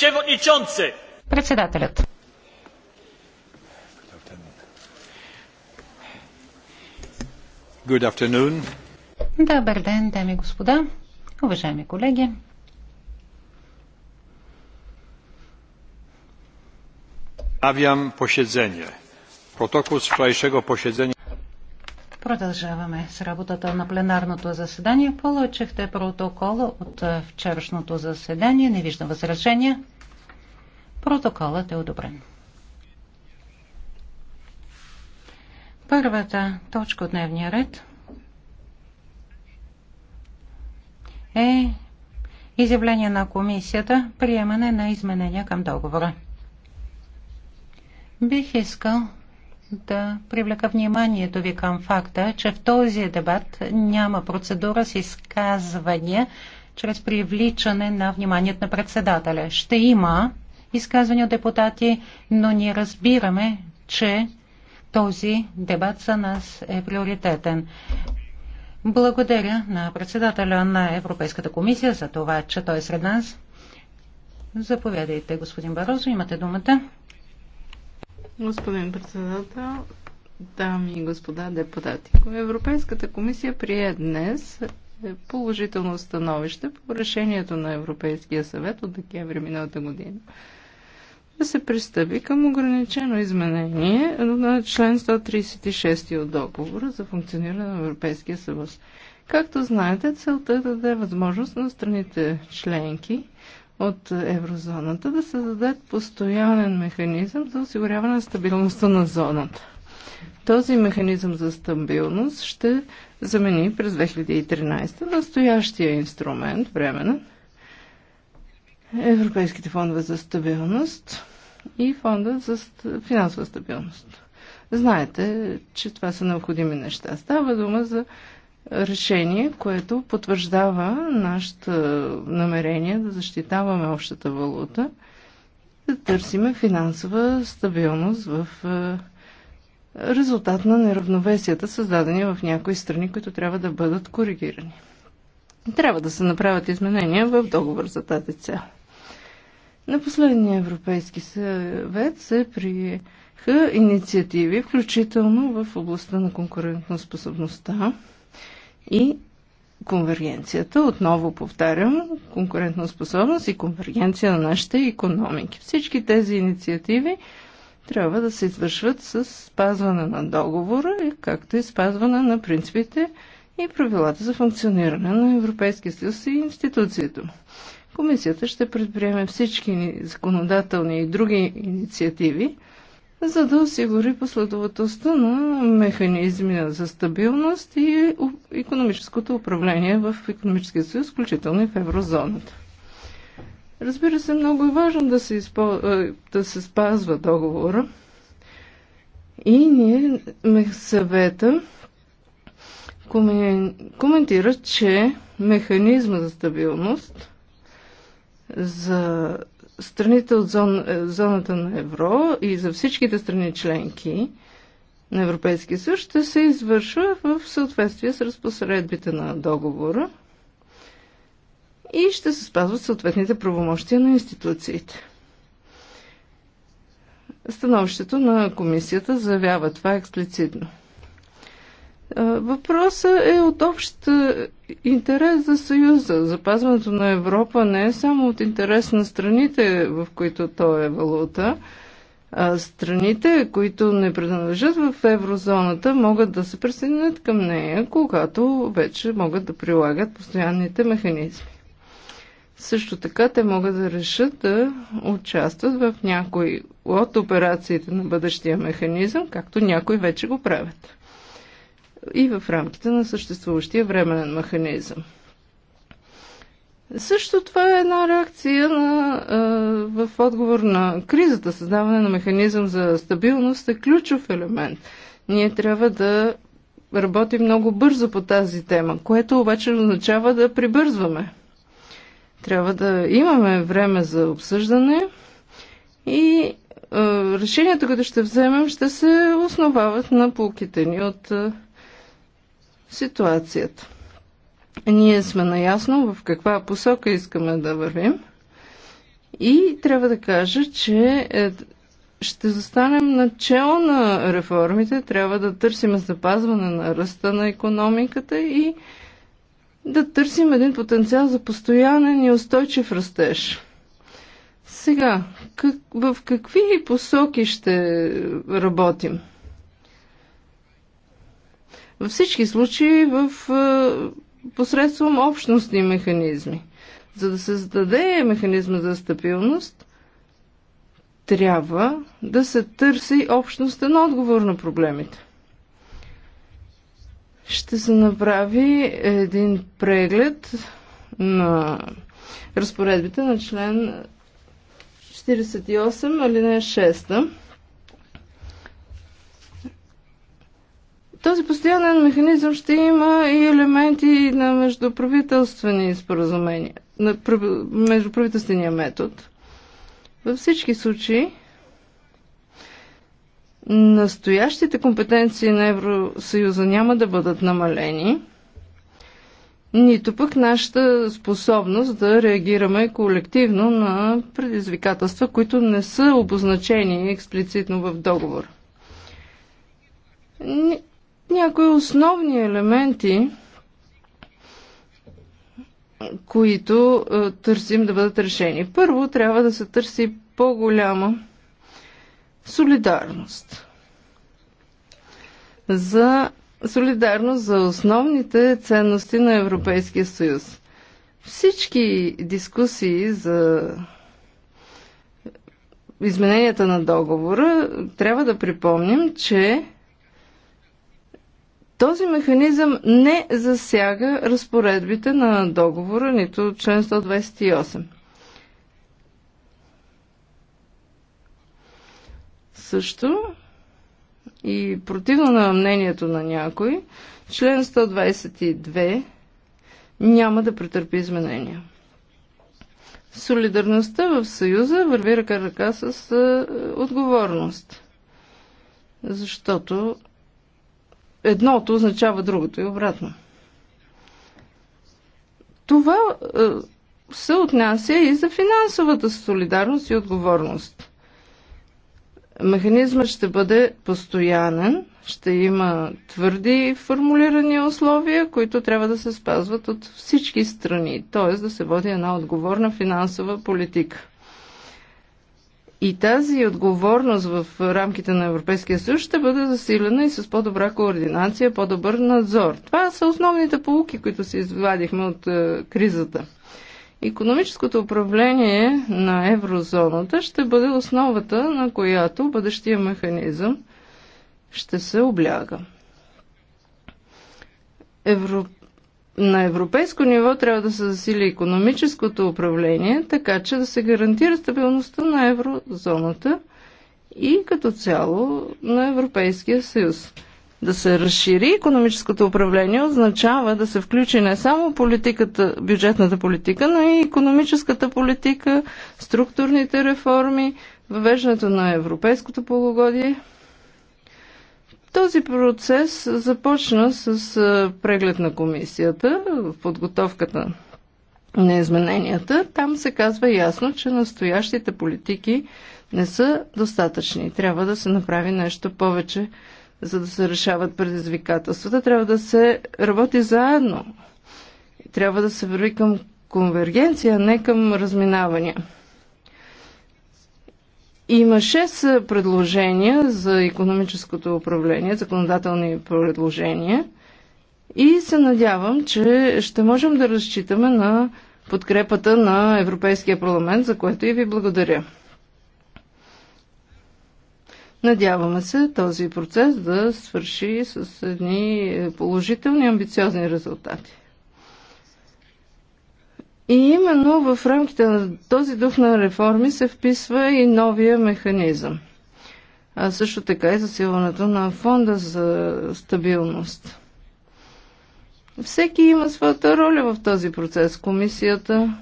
Przewodniczący! Председателят. Good afternoon. Добър ден, дами и господа, уважаеми колеги. Wznawiam posiedzenie. Protokół z wczorajszego posiedzenia. Продължаваме с работата на пленарното заседание. Получихте протокола от е, вчерашното заседание. Не виждам възражения. Протоколът е одобрен. Първата точка от дневния ред е изявление на комисията приемане на изменения към договора. Бих искал да привлека вниманието ви към факта, че в този дебат няма процедура с изказвания чрез привличане на вниманието на председателя. Ще има изказвания от депутати, но ние разбираме, че този дебат за нас е приоритетен. Благодаря на председателя на Европейската комисия за това, че той е сред нас. Заповядайте, господин Барозо, имате думата. Господин председател, дами и господа депутати, Европейската комисия прие днес положително становище по решението на Европейския съвет от декември миналата година да се пристъпи към ограничено изменение на член 136 от договора за функциониране на Европейския съюз. Както знаете, целта е да даде възможност на страните членки от еврозоната да създадат постоянен механизъм за осигуряване на стабилността на зоната. Този механизъм за стабилност ще замени през 2013 настоящия инструмент, временен, Европейските фондове за стабилност и фонда за финансова стабилност. Знаете, че това са необходими неща. Става дума за решение, което потвърждава нашето намерение да защитаваме общата валута, да търсиме финансова стабилност в е, резултат на неравновесията, създадени в някои страни, които трябва да бъдат коригирани. Трябва да се направят изменения в договор за тази цел. На последния Европейски съвет се приеха инициативи, включително в областта на конкурентоспособността, способността, и конвергенцията, отново повтарям, способност и конвергенция на нашите економики. Всички тези инициативи трябва да се извършват с спазване на договора, както и спазване на принципите и правилата за функциониране на Европейския съюз и институцията. Комисията ще предприеме всички законодателни и други инициативи, за да осигури последователността на механизми за стабилност и економическото управление в економическия съюз, включително и в еврозоната. Разбира се, много е важно да се, изпо... Е, да се спазва договора и ние съвета коментира, че механизма за стабилност за страните от зон, е, зоната на евро и за всичките страни членки на Европейския съюз ще се извършва в съответствие с разпосредбите на договора и ще се спазват съответните правомощия на институциите. Становището на комисията заявява това експлицитно. Въпросът е от общ интерес за Съюза. Запазването на Европа не е само от интерес на страните, в които то е валута. А страните, които не принадлежат в еврозоната, могат да се присъединят към нея, когато вече могат да прилагат постоянните механизми. Също така те могат да решат да участват в някои от операциите на бъдещия механизъм, както някои вече го правят и в рамките на съществуващия временен механизъм. Също това е една реакция на, в отговор на кризата. Създаване на механизъм за стабилност е ключов елемент. Ние трябва да работим много бързо по тази тема, което обаче означава да прибързваме. Трябва да имаме време за обсъждане и решенията, които ще вземем, ще се основават на полките ни от. А, ситуацията. Ние сме наясно в каква посока искаме да вървим и трябва да кажа, че е, ще застанем начало на реформите, трябва да търсим запазване на ръста на економиката и да търсим един потенциал за постоянен и устойчив растеж. Сега, как, в какви посоки ще работим? Във всички случаи в, е, посредством общностни механизми. За да се създаде механизма за стабилност, трябва да се търси общностен отговор на проблемите. Ще се направи един преглед на разпоредбите на член 48, алинея 6 Този постоянен механизъм ще има и елементи на междуправителствени споразумения, на междуправителствения метод. Във всички случаи, настоящите компетенции на Евросъюза няма да бъдат намалени, нито пък нашата способност да реагираме колективно на предизвикателства, които не са обозначени експлицитно в договор някои основни елементи, които е, търсим да бъдат решени. Първо трябва да се търси по-голяма солидарност. За солидарност за основните ценности на Европейския съюз. Всички дискусии за измененията на договора трябва да припомним, че този механизъм не засяга разпоредбите на договора, нито член 128. Също и противно на мнението на някой, член 122 няма да претърпи изменения. Солидарността в Съюза върви ръка ръка с е, отговорност. Защото едното означава другото и обратно. Това е, се отнася и за финансовата солидарност и отговорност. Механизмът ще бъде постоянен, ще има твърди формулирани условия, които трябва да се спазват от всички страни, т.е. да се води една отговорна финансова политика. И тази отговорност в рамките на Европейския съюз ще бъде засилена и с по-добра координация, по-добър надзор. Това са основните полуки, които се извадихме от е, кризата. Економическото управление на еврозоната ще бъде основата, на която бъдещия механизъм ще се обляга. Европейския на европейско ниво трябва да се засили економическото управление, така че да се гарантира стабилността на еврозоната и като цяло на Европейския съюз. Да се разшири економическото управление означава да се включи не само политиката, бюджетната политика, но и економическата политика, структурните реформи, въвеждането на европейското полугодие – този процес започна с преглед на комисията в подготовката на измененията. Там се казва ясно, че настоящите политики не са достатъчни. Трябва да се направи нещо повече, за да се решават предизвикателствата. Трябва да се работи заедно. Трябва да се върви към конвергенция, не към разминавания. Има шест е, предложения за економическото управление, законодателни предложения и се надявам, че ще можем да разчитаме на подкрепата на Европейския парламент, за което и ви благодаря. Надяваме се този процес да свърши с едни е, положителни, амбициозни резултати. И именно в рамките на този дух на реформи се вписва и новия механизъм. А също така и засилването на фонда за стабилност. Всеки има своята роля в този процес. Комисията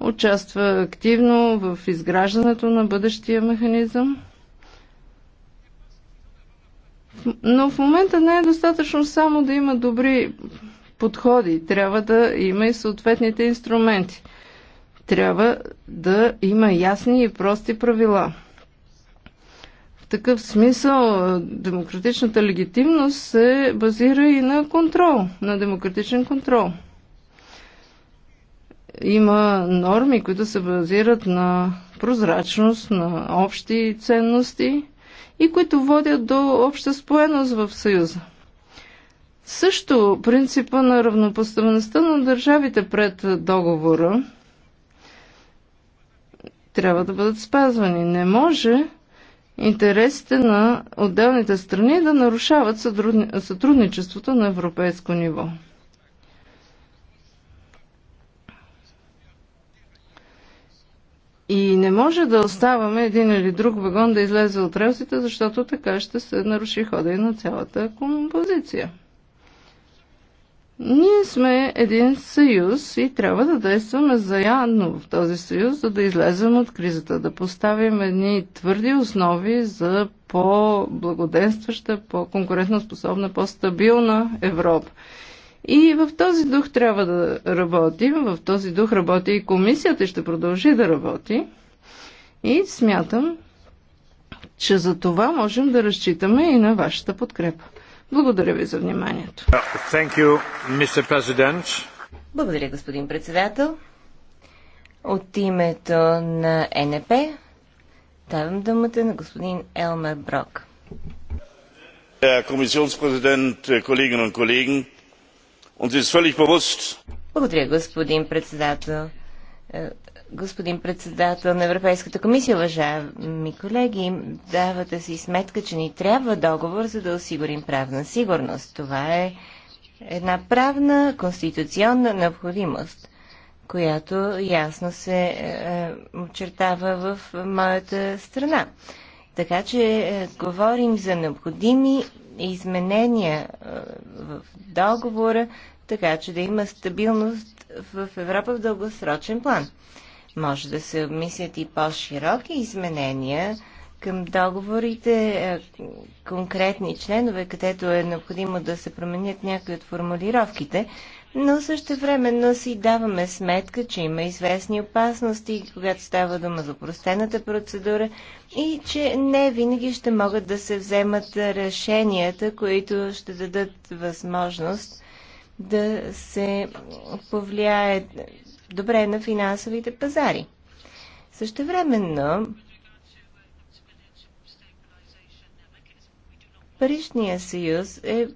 участва активно в изграждането на бъдещия механизъм. Но в момента не е достатъчно само да има добри подходи, трябва да има и съответните инструменти. Трябва да има ясни и прости правила. В такъв смисъл демократичната легитимност се базира и на контрол, на демократичен контрол. Има норми, които се базират на прозрачност, на общи ценности и които водят до обща споеност в Съюза. Също принципа на равнопоставеността на държавите пред договора трябва да бъдат спазвани. Не може интересите на отделните страни да нарушават сътрудничеството на европейско ниво. И не може да оставаме един или друг вагон да излезе от релсите, защото така ще се наруши хода и на цялата композиция. Ние сме един съюз и трябва да действаме заедно в този съюз, за да излезем от кризата, да поставим едни твърди основи за по-благоденстваща, по-конкурентоспособна, по-стабилна Европа. И в този дух трябва да работим, в този дух работи и комисията и ще продължи да работи. И смятам, че за това можем да разчитаме и на вашата подкрепа. Благодаря ви за вниманието. You, Благодаря, господин председател. От името на НП давам думата на господин Елмер Брок. Благодаря, господин председател господин председател на Европейската комисия, уважаеми колеги, давате си сметка, че ни трябва договор, за да осигурим правна сигурност. Това е една правна, конституционна необходимост, която ясно се е, е очертава в моята страна. Така че е, говорим за необходими изменения е, в договора, така че да има стабилност в Европа в дългосрочен план. Може да се обмислят и по-широки изменения към договорите, е, конкретни членове, където е необходимо да се променят някои от формулировките, но също времено си даваме сметка, че има известни опасности, когато става дума за простената процедура и че не винаги ще могат да се вземат решенията, които ще дадат възможност да се повлияе добре на финансовите пазари. Същевременно, Паричния съюз е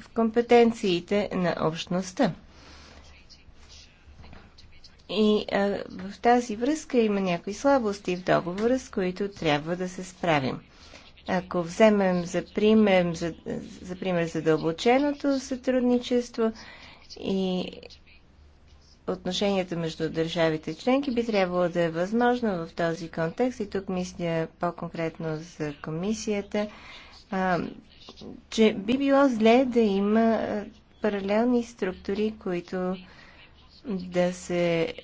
в компетенциите на общността. И а, в тази връзка има някои слабости в договора, с които трябва да се справим. Ако вземем за пример, за, за пример задълбоченото сътрудничество и отношенията между държавите членки би трябвало да е възможно в този контекст, и тук мисля по-конкретно за комисията, а, че би било зле да има паралелни структури, които да се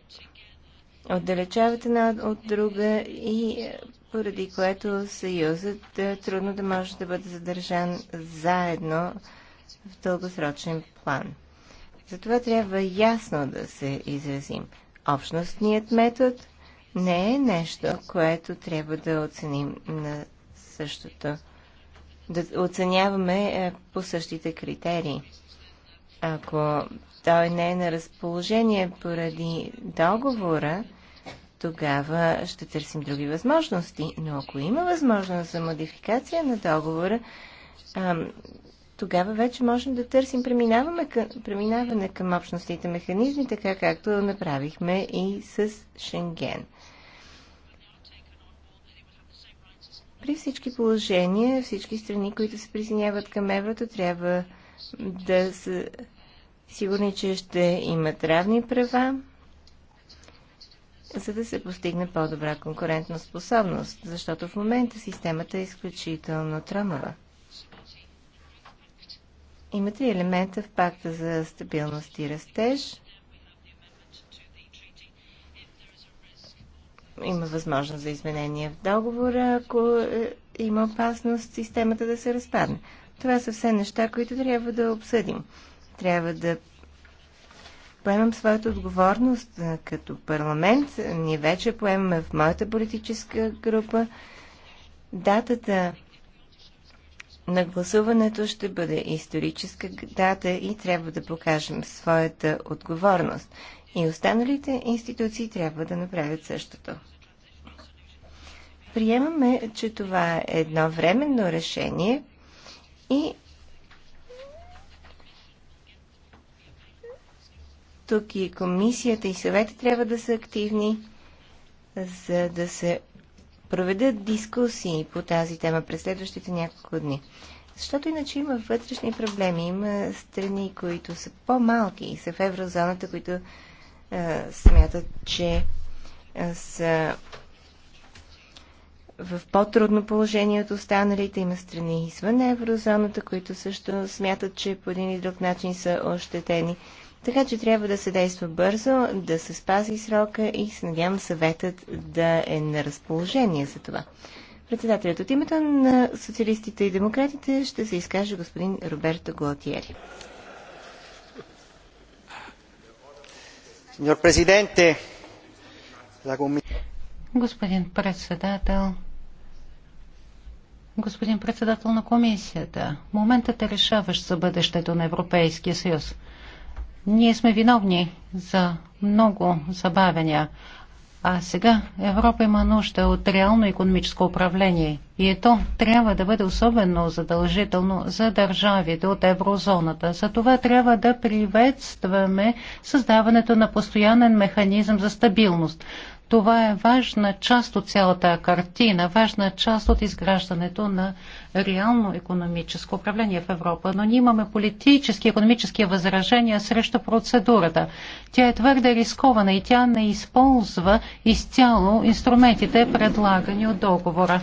отдалечават една от друга и поради което съюзът е трудно да може да бъде задържан заедно в дългосрочен план. Затова трябва ясно да се изразим. Общностният метод не е нещо, което трябва да оценим на същото, да оценяваме е, по същите критерии. Ако той не е на разположение поради договора, тогава ще търсим други възможности. Но ако има възможност за модификация на договора, тогава вече можем да търсим преминаване към, преминаване към общностите механизми, така както направихме и с Шенген. При всички положения, всички страни, които се присъединяват към еврото, трябва да са сигурни, че ще имат равни права, за да се постигне по-добра конкурентна способност, защото в момента системата е изключително тромава. Има три елемента в пакта за стабилност и растеж. Има възможност за изменение в договора, ако е, има опасност системата да се разпадне. Това са все неща, които трябва да обсъдим. Трябва да поемам своята отговорност е, като парламент. Ние вече поемаме в моята политическа група датата на гласуването ще бъде историческа дата и трябва да покажем своята отговорност. И останалите институции трябва да направят същото. Приемаме, че това е едно временно решение и тук и комисията и съвета трябва да са активни, за да се проведат дискусии по тази тема през следващите няколко дни. Защото иначе има вътрешни проблеми. Има страни, които са по-малки и са в еврозоната, които а, е, смятат, че а, е, са в по-трудно положение от останалите. Има страни извън еврозоната, които също смятат, че по един или друг начин са ощетени. Така че трябва да се действа бързо, да се спази срока и се надявам съветът да е на разположение за това. Председателят от името на социалистите и демократите ще се изкаже господин Роберто Глотиери. Господин председател, господин председател на комисията, моментът е решаващ за бъдещето на Европейския съюз – ние сме виновни за много забавения. А сега Европа има нужда от реално економическо управление и то трябва да бъде особено задължително за държавите от еврозоната. За това трябва да приветстваме създаването на постоянен механизъм за стабилност. Това е важна част от цялата картина, важна част от изграждането на реално економическо управление в Европа. Но ние имаме политически и економически възражения срещу процедурата. Тя е твърде рискована и тя не използва изцяло инструментите, предлагани от договора.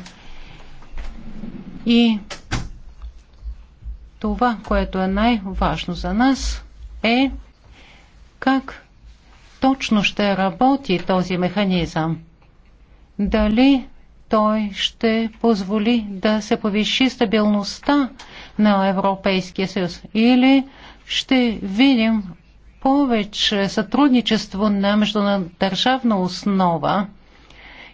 И това, което е най-важно за нас, е как точно ще работи този механизъм? Дали той ще позволи да се повиши стабилността на Европейския съюз? Или ще видим повече сътрудничество на междунадържавна основа?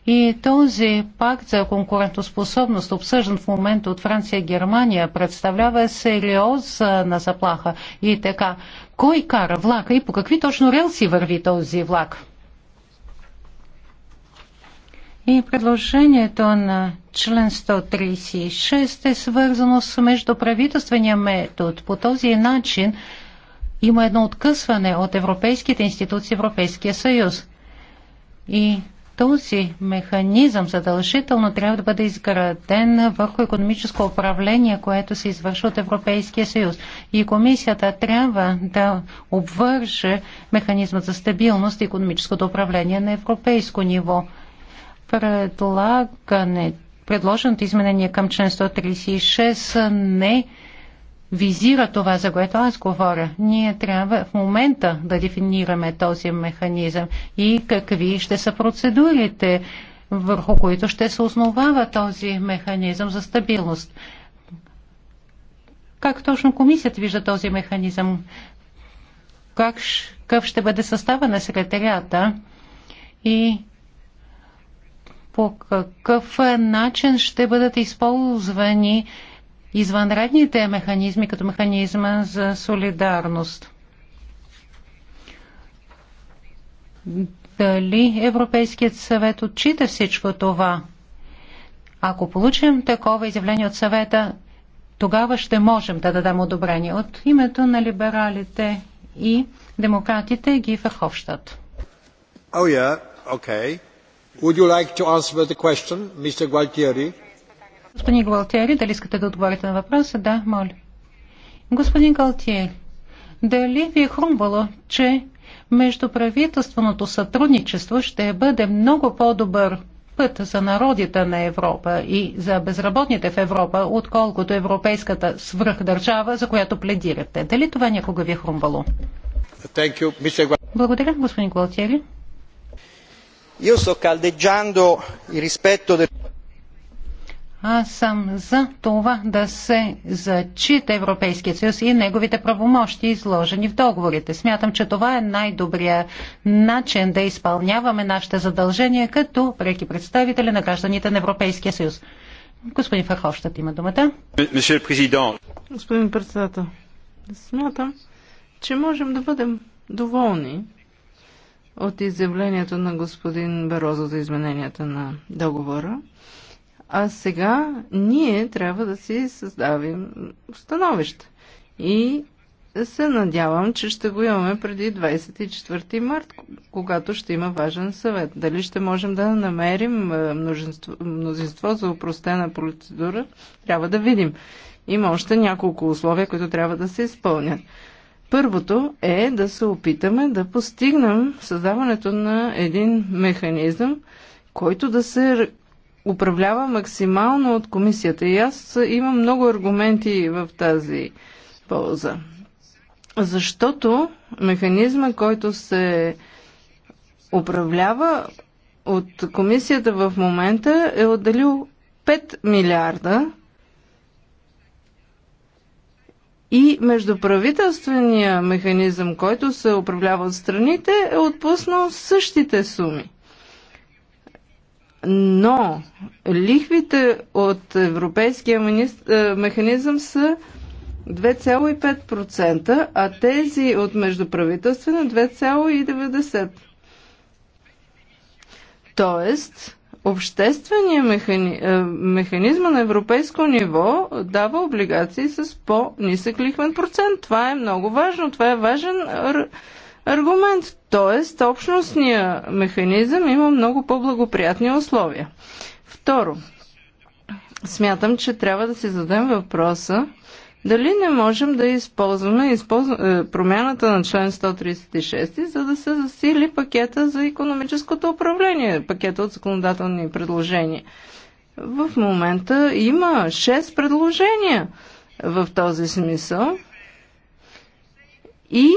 И този пакт за конкурентоспособност, обсъждан в момента от Франция и Германия, представлява сериозна заплаха. И така, кой кара влака и по какви точно релси върви този влак? И предложението на член 136 е свързано с междуправителствения метод. По този начин има едно откъсване от европейските институции Европейския съюз. И този механизъм задължително трябва да бъде изграден върху економическо управление, което се извършва от Европейския съюз. И комисията трябва да обвърже механизма за стабилност и економическото управление на европейско ниво. Предлагане предложеното изменение към член 136 не визира това, за което аз говоря. Ние трябва в момента да дефинираме този механизъм и какви ще са процедурите, върху които ще се основава този механизъм за стабилност. Как точно комисията вижда този механизъм? Как, какъв ще бъде състава на секретарията? И по какъв начин ще бъдат използвани извънредните механизми като механизма за солидарност. Дали Европейският съвет отчита всичко това? Ако получим такова изявление от съвета, тогава ще можем да дадем одобрение. От името на либералите и демократите ги върховщат. Oh yeah, okay. Would you like to answer the question, Mr. Gualtieri? Господин Галтиери, дали искате да отговорите на въпроса? Да, моля. Господин Галтиери, дали ви е хрумвало, че междуправителственото сътрудничество ще бъде много по-добър път за народите на Европа и за безработните в Европа, отколкото европейската свръхдържава, за която пледирате. Дали това някога ви е хрумвало? Благодаря, господин Галтиери. Io sto caldeggiando il rispetto del... Аз съм за това да се зачита Европейския съюз и неговите правомощи, изложени в договорите. Смятам, че това е най-добрия начин да изпълняваме нашите задължения като преки представители на гражданите на Европейския съюз. Господин Фарховщат има думата. Господин председател, смятам, че можем да бъдем доволни от изявлението на господин Барозо за измененията на договора. А сега ние трябва да си създавим становище. И се надявам, че ще го имаме преди 24 март, когато ще има важен съвет. Дали ще можем да намерим е, мнозинство за упростена процедура, трябва да видим. Има още няколко условия, които трябва да се изпълнят. Първото е да се опитаме да постигнем създаването на един механизъм, който да се управлява максимално от комисията. И аз имам много аргументи в тази полза. Защото механизма, който се управлява от комисията в момента е отделил 5 милиарда и междуправителствения механизъм, който се управлява от страните, е отпуснал същите суми. Но лихвите от Европейския е, механизъм са 2,5%, а тези от междуправителствена 2,90%. Тоест, обществения механи... Е, механизма на европейско ниво дава облигации с по-нисък лихвен процент. Това е много важно. Това е важен аргумент. Тоест, общностния механизъм има много по-благоприятни условия. Второ, смятам, че трябва да си зададем въпроса дали не можем да използваме използв... Е, промяната на член 136, за да се засили пакета за економическото управление, пакета от законодателни предложения. В момента има 6 предложения в този смисъл и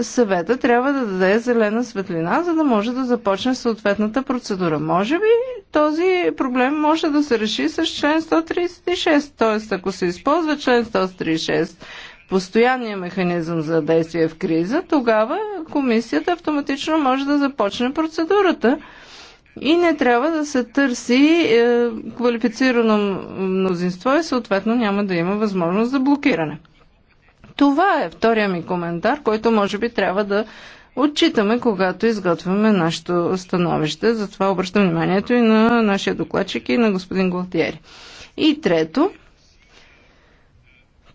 съвета трябва да даде зелена светлина, за да може да започне съответната процедура. Може би този проблем може да се реши с член 136, т.е. ако се използва член 136, постоянния механизъм за действие в криза, тогава комисията автоматично може да започне процедурата и не трябва да се търси е, квалифицирано мнозинство и съответно няма да има възможност за блокиране. Това е втория ми коментар, който може би трябва да отчитаме, когато изготвяме нашето становище. Затова обръщам вниманието и на нашия докладчик и на господин Голтиери. И трето,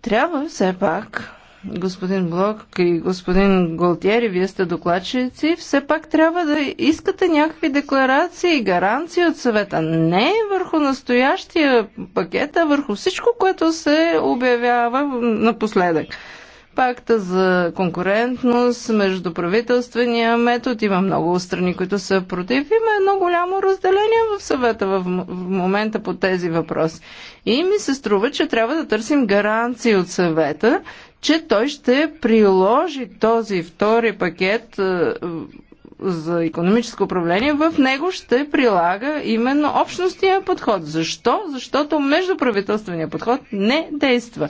трябва все пак господин Блок и господин Голтиери, вие сте докладчици, все пак трябва да искате някакви декларации и гаранции от съвета. Не върху настоящия пакет, а върху всичко, което се обявява напоследък. Пакта за конкурентност, между правителствения метод, има много страни, които са против. Има едно голямо разделение в съвета в момента по тези въпроси. И ми се струва, че трябва да търсим гаранции от съвета, че той ще приложи този втори пакет е, за економическо управление, в него ще прилага именно общностния подход. Защо? Защото междуправителствения подход не действа.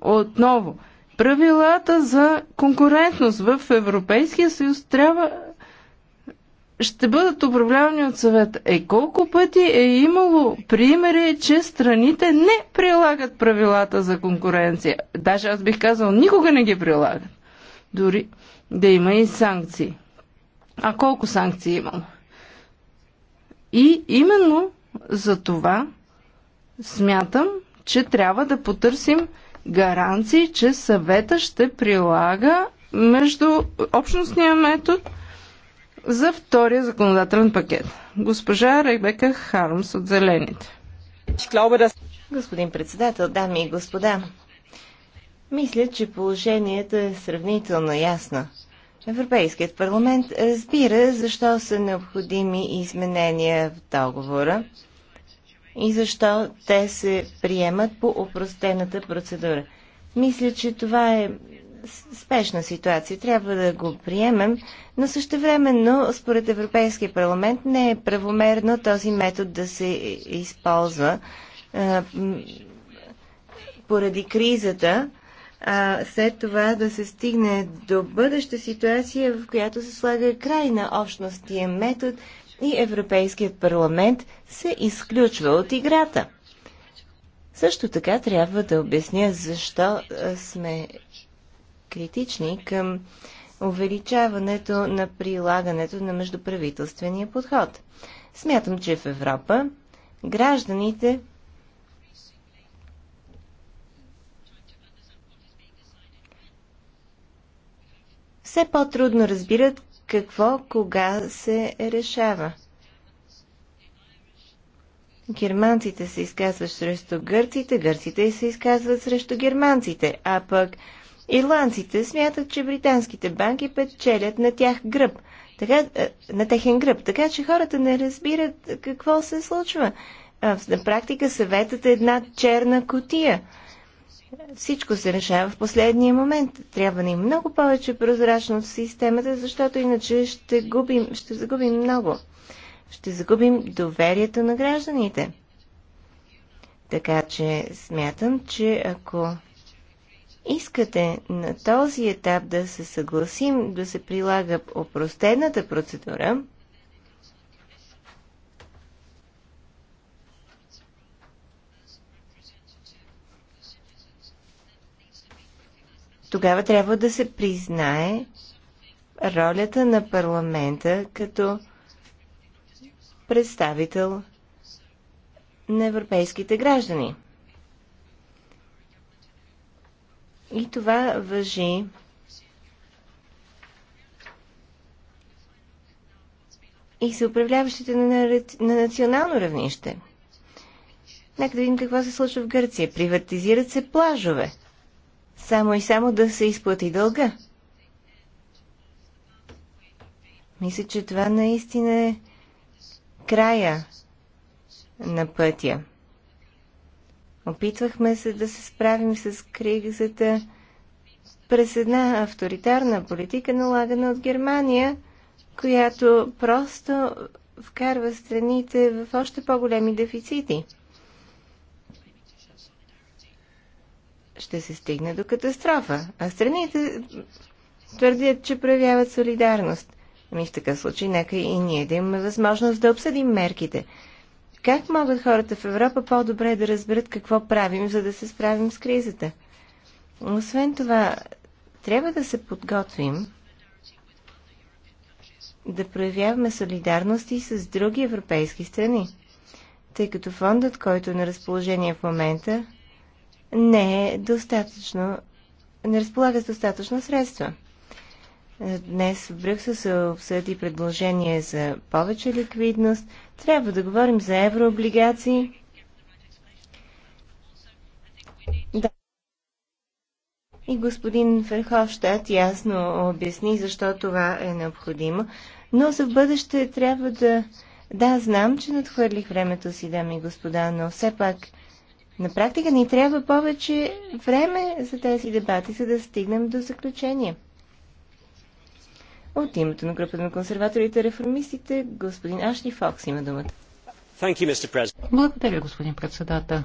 Отново, правилата за конкурентност в Европейския съюз трябва ще бъдат управлявани от съвета. Е, колко пъти е имало примери, че страните не прилагат правилата за конкуренция. Даже аз бих казал, никога не ги прилагат. Дори да има и санкции. А колко санкции имало? И именно за това смятам, че трябва да потърсим гаранции, че съвета ще прилага между общностния метод – за втория законодателен пакет. Госпожа Ребека Хармс от Зелените. Господин председател, дами и господа, мисля, че положението е сравнително ясно. Европейският парламент разбира защо са необходими изменения в договора и защо те се приемат по упростената процедура. Мисля, че това е спешна ситуация. Трябва да го приемем, но същевременно, според Европейския парламент, не е правомерно този метод да се използва а, поради кризата, а след това да се стигне до бъдеща ситуация, в която се слага край на общностния метод и Европейският парламент се изключва от играта. Също така трябва да обясня защо сме критични към увеличаването на прилагането на междуправителствения подход. Смятам, че в Европа гражданите все по-трудно разбират какво кога се решава. Германците се изказват срещу гърците, гърците се изказват срещу германците, а пък Ирландците смятат, че британските банки печелят на тях гръб. Така, е, на техен гръб. Така че хората не разбират какво се случва. На практика съветът е една черна котия. Всичко се решава в последния момент. Трябва ни много повече прозрачност в системата, защото иначе ще, губим, ще загубим много. Ще загубим доверието на гражданите. Така че смятам, че ако искате на този етап да се съгласим да се прилага опростената процедура, тогава трябва да се признае ролята на парламента като представител на европейските граждани. И това въжи и за управляващите на, на национално равнище. Нека да видим какво се случва в Гърция. Приватизират се плажове. Само и само да се изплати дълга. Мисля, че това наистина е края на пътя. Опитвахме се да се справим с кризата през една авторитарна политика, налагана от Германия, която просто вкарва страните в още по-големи дефицити. Ще се стигне до катастрофа, а страните твърдят, че проявяват солидарност. Ами в такъв случай нека и ние да имаме възможност да обсъдим мерките – как могат хората в Европа по-добре да разберат какво правим, за да се справим с кризата? Освен това, трябва да се подготвим да проявяваме солидарност и с други европейски страни, тъй като фондът, който е на разположение в момента, не е достатъчно, не разполага с достатъчно средства. Днес в Брюксел се обсъди предложение за повече ликвидност – трябва да говорим за еврооблигации. Да. И господин Ферховщад ясно обясни защо това е необходимо. Но за бъдеще трябва да... Да, знам, че надхвърлих времето си, дами и господа, но все пак на практика ни трябва повече време за тези дебати, за да стигнем до заключение. От името на групата на консерваторите и реформистите, господин Ашли Фокс има думата. Благодаря, господин председател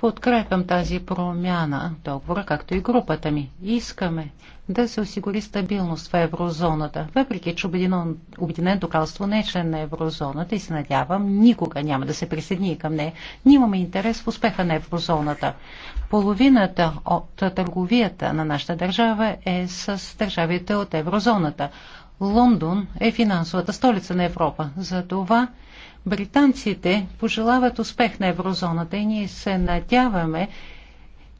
подкрепям тази промяна договора, както и групата ми. Искаме да се осигури стабилност в еврозоната, въпреки че Обединеното кралство не е член на еврозоната и се надявам никога няма да се присъедини към нея. Ние имаме интерес в успеха на еврозоната. Половината от търговията на нашата държава е с държавите от еврозоната. Лондон е финансовата столица на Европа. За това британците пожелават успех на еврозоната и ние се надяваме,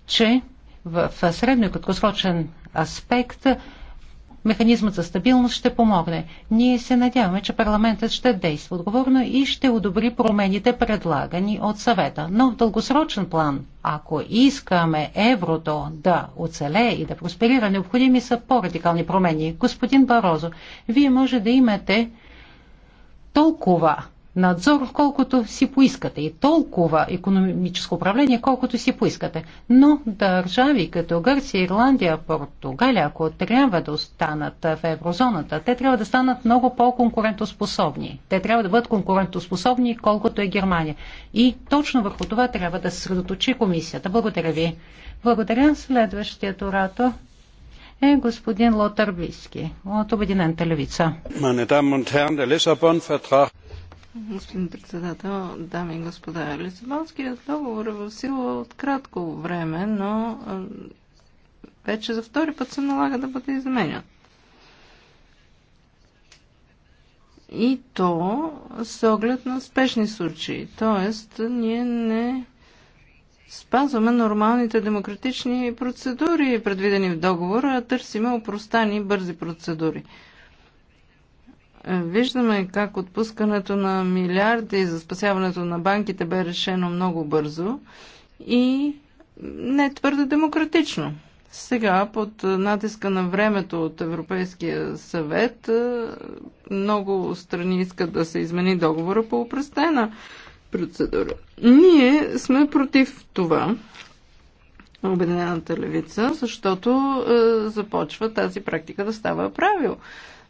че в средно и краткосрочен аспект механизмът за стабилност ще помогне. Ние се надяваме, че парламентът ще действа отговорно и ще одобри промените предлагани от съвета. Но в дългосрочен план, ако искаме еврото да оцелее и да просперира, необходими са по-радикални промени. Господин Барозо, вие може да имате толкова надзор, колкото си поискате и толкова економическо управление, колкото си поискате. Но държави като Гърция, Ирландия, Португалия, ако трябва да останат в еврозоната, те трябва да станат много по-конкурентоспособни. Те трябва да бъдат конкурентоспособни, колкото е Германия. И точно върху това трябва да се средоточи комисията. Благодаря ви. Благодаря. Следващият оратор е господин Лотър Биски от Обединената левица. Господин председател, дами и господа, Лисабонският договор е в сила от кратко време, но вече за втори път се налага да бъде изменят. И то с оглед на спешни случаи. Тоест, ние не спазваме нормалните демократични процедури, предвидени в договора, а търсиме упростани бързи процедури. Е, виждаме как отпускането на милиарди за спасяването на банките бе решено много бързо и не твърде демократично. Сега, под натиска на времето от Европейския съвет, е, много страни искат да се измени договора по упростена процедура. Ние сме против това, Обединената левица, защото е, започва тази практика да става правило.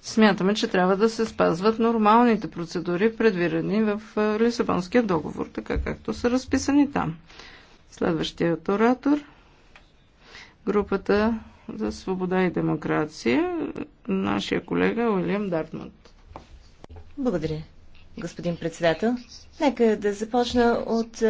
Смятаме, че трябва да се спазват нормалните процедури, предвидени в Лисабонския договор, така както са разписани там. Следващият оратор групата за свобода и демокрация, нашия колега Уилям Дартмут. Благодаря, господин председател. Нека да започна от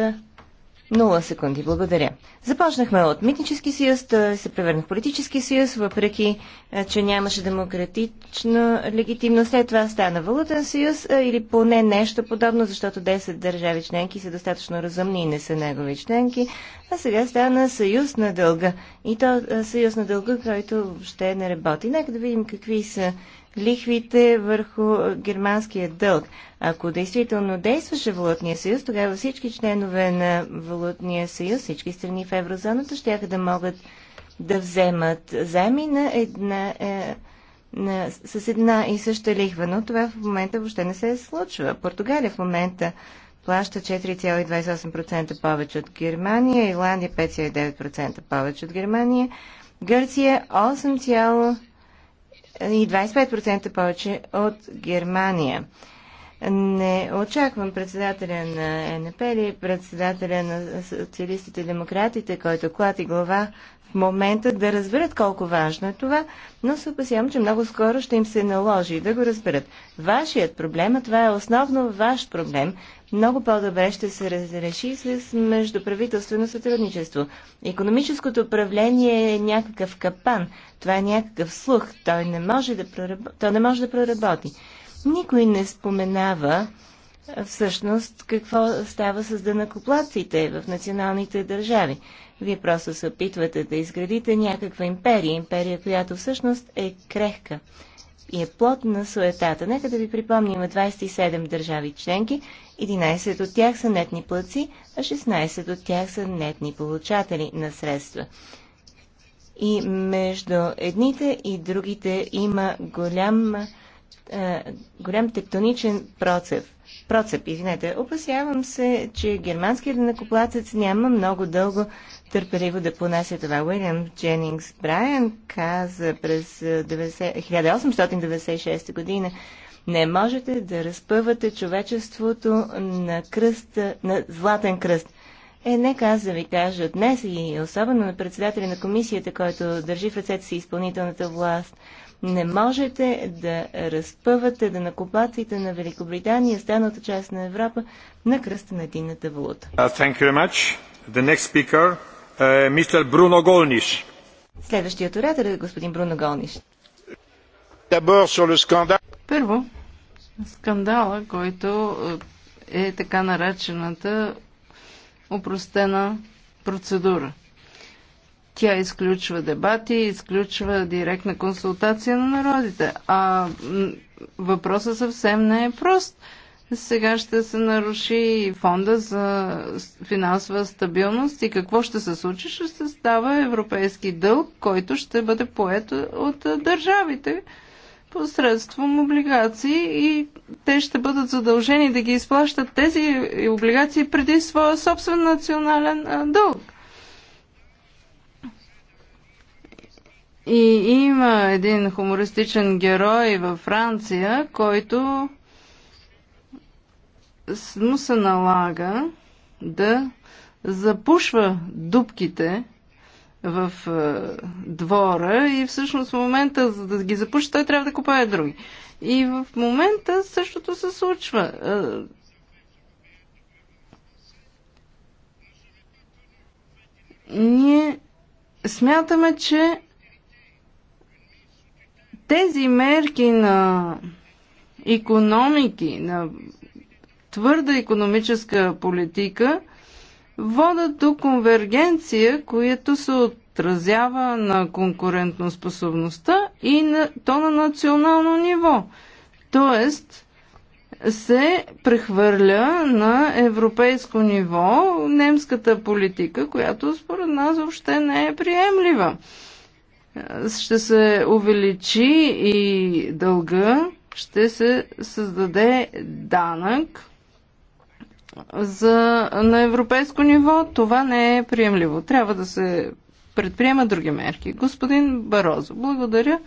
Нула секунди, благодаря. Започнахме от митнически съюз, той се превърна в политически съюз, въпреки е, че нямаше демократична легитимност. След това стана валутен съюз е, или поне нещо подобно, защото 10 държави членки са достатъчно разумни и не са негови членки. А сега стана съюз на дълга. И то е, съюз на дълга, който ще не работи. Нека да видим какви са лихвите върху германския дълг. Ако действително действаше Валутния съюз, тогава всички членове на Валутния съюз, всички страни в еврозоната, ще да могат да вземат заеми на една, е, на, с една и съща лихва. Но това в момента въобще не се случва. Португалия в момента плаща 4,28% повече от Германия, Ирландия 5,9% повече от Германия, Гърция и 25% повече от Германия. Не очаквам председателя на НП или председателя на социалистите и демократите, който клати глава момента да разберат колко важно е това, но се опасявам, че много скоро ще им се наложи да го разберат. Вашият проблем, а това е основно ваш проблем, много по-добре ще се разреши с междуправителствено сътрудничество. Економическото управление е някакъв капан, това е някакъв слух, той не може да, прораб... той не може да проработи. Никой не споменава всъщност какво става с дънакоплаците в националните държави. Вие просто се опитвате да изградите някаква империя, империя, която всъщност е крехка и е плод на суетата. Нека да ви припомним, има 27 държави членки, 11 от тях са нетни плъци, а 16 от тях са нетни получатели на средства. И между едните и другите има голям, е, голям тектоничен процеп. Процеп, извинете. Опасявам се, че германският накоплацец няма много дълго търпеливо да понася това. Уилям Дженингс Брайан каза през 90... 1896 година не можете да разпъвате човечеството на, кръст, на златен кръст. Е, нека аз да ви кажа днес и особено на председателя на комисията, който държи в ръцете си изпълнителната власт, не можете да разпъвате да накопатите на Великобритания, станалата част на Европа, на кръста на единната валута. Uh, е, мистер Бруно Голниш. Следващият оратор е господин Бруно Голниш. Първо, скандала, който е, е така наречената упростена процедура. Тя изключва дебати, изключва директна консултация на народите. А въпросът съвсем не е прост. Сега ще се наруши фонда за финансова стабилност и какво ще се случи? Ще се става европейски дълг, който ще бъде поет от държавите посредством облигации и те ще бъдат задължени да ги изплащат тези облигации преди своя собствен национален дълг. И има един хумористичен герой във Франция, който му се налага да запушва дубките в е, двора и всъщност в момента, за да ги запуши, той трябва да купае други. И в момента същото се случва. Е, ние смятаме, че тези мерки на економики, на твърда економическа политика водят до конвергенция, която се отразява на конкурентоспособността и на, то на национално ниво. Тоест, се прехвърля на европейско ниво немската политика, която според нас въобще не е приемлива. Ще се увеличи и дълга, ще се създаде данък, за, на европейско ниво това не е приемливо. Трябва да се предприемат други мерки. Господин Барозо, благодаря.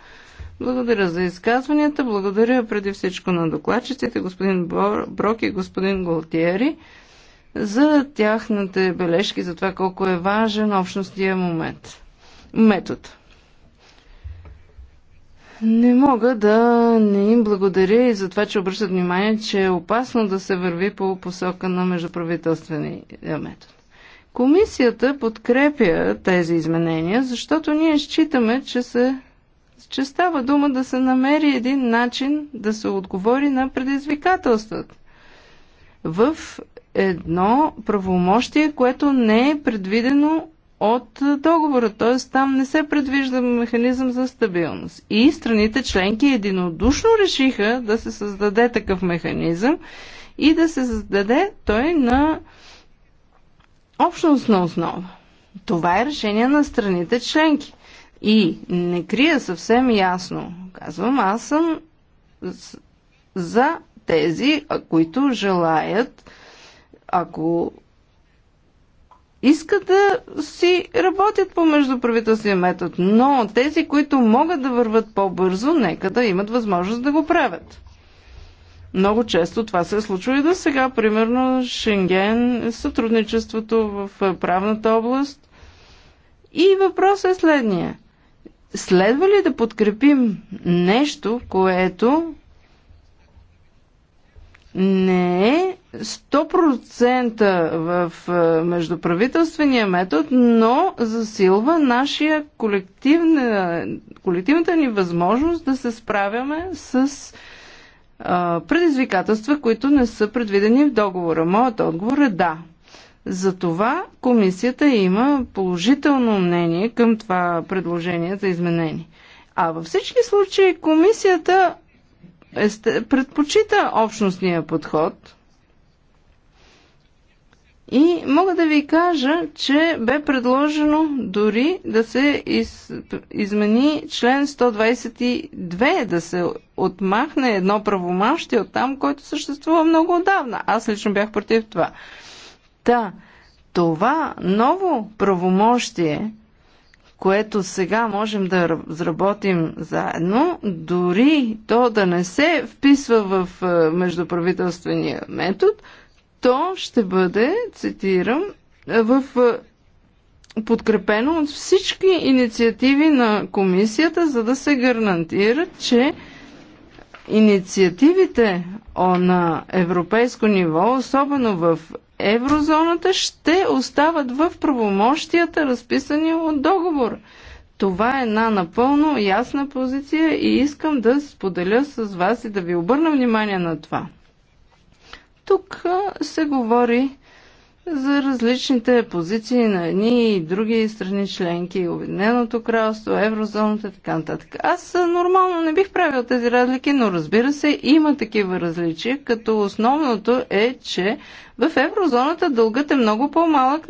Благодаря за изказванията. Благодаря преди всичко на докладчиците, господин Брок и господин Голтиери, за тяхните бележки, за това колко е важен общностния момент. Метод. Не мога да не им благодаря и за това, че обръщат внимание, че е опасно да се върви по посока на междуправителствени метод. Комисията подкрепя тези изменения, защото ние считаме, че, се, че става дума да се намери един начин да се отговори на предизвикателствата в едно правомощие, което не е предвидено от договора, т.е. там не се предвижда механизъм за стабилност. И страните членки единодушно решиха да се създаде такъв механизъм и да се създаде той на общностна основа. Това е решение на страните членки. И не крия съвсем ясно. Казвам, аз съм за тези, които желаят, ако искат да си работят по междуправителствия метод, но тези, които могат да върват по-бързо, нека да имат възможност да го правят. Много често това се е случва и до сега. Примерно Шенген, сътрудничеството в правната област. И въпросът е следния. Следва ли да подкрепим нещо, което не е 100% в е, междуправителствения метод, но засилва нашия колективната ни възможност да се справяме с а, е, предизвикателства, които не са предвидени в договора. Моят отговор е да. Затова комисията има положително мнение към това предложение за изменение. А във всички случаи комисията е предпочита общностния подход – и мога да ви кажа, че бе предложено дори да се из, измени член 122, да се отмахне едно правомащие от там, който съществува много отдавна. Аз лично бях против това. Та, това ново правомощие, което сега можем да разработим заедно, дори то да не се вписва в е, междуправителствения метод – то ще бъде, цитирам, в е, подкрепено от всички инициативи на комисията, за да се гарантира, че инициативите на европейско ниво, особено в еврозоната, ще остават в правомощията, разписани от договор. Това е една напълно ясна позиция и искам да споделя с вас и да ви обърна внимание на това. Тук се говори за различните позиции на едни и други страни членки, Обединеното кралство, еврозоната и така нататък. Аз нормално не бих правил тези разлики, но разбира се, има такива различия, като основното е, че в еврозоната дългът е много по-малък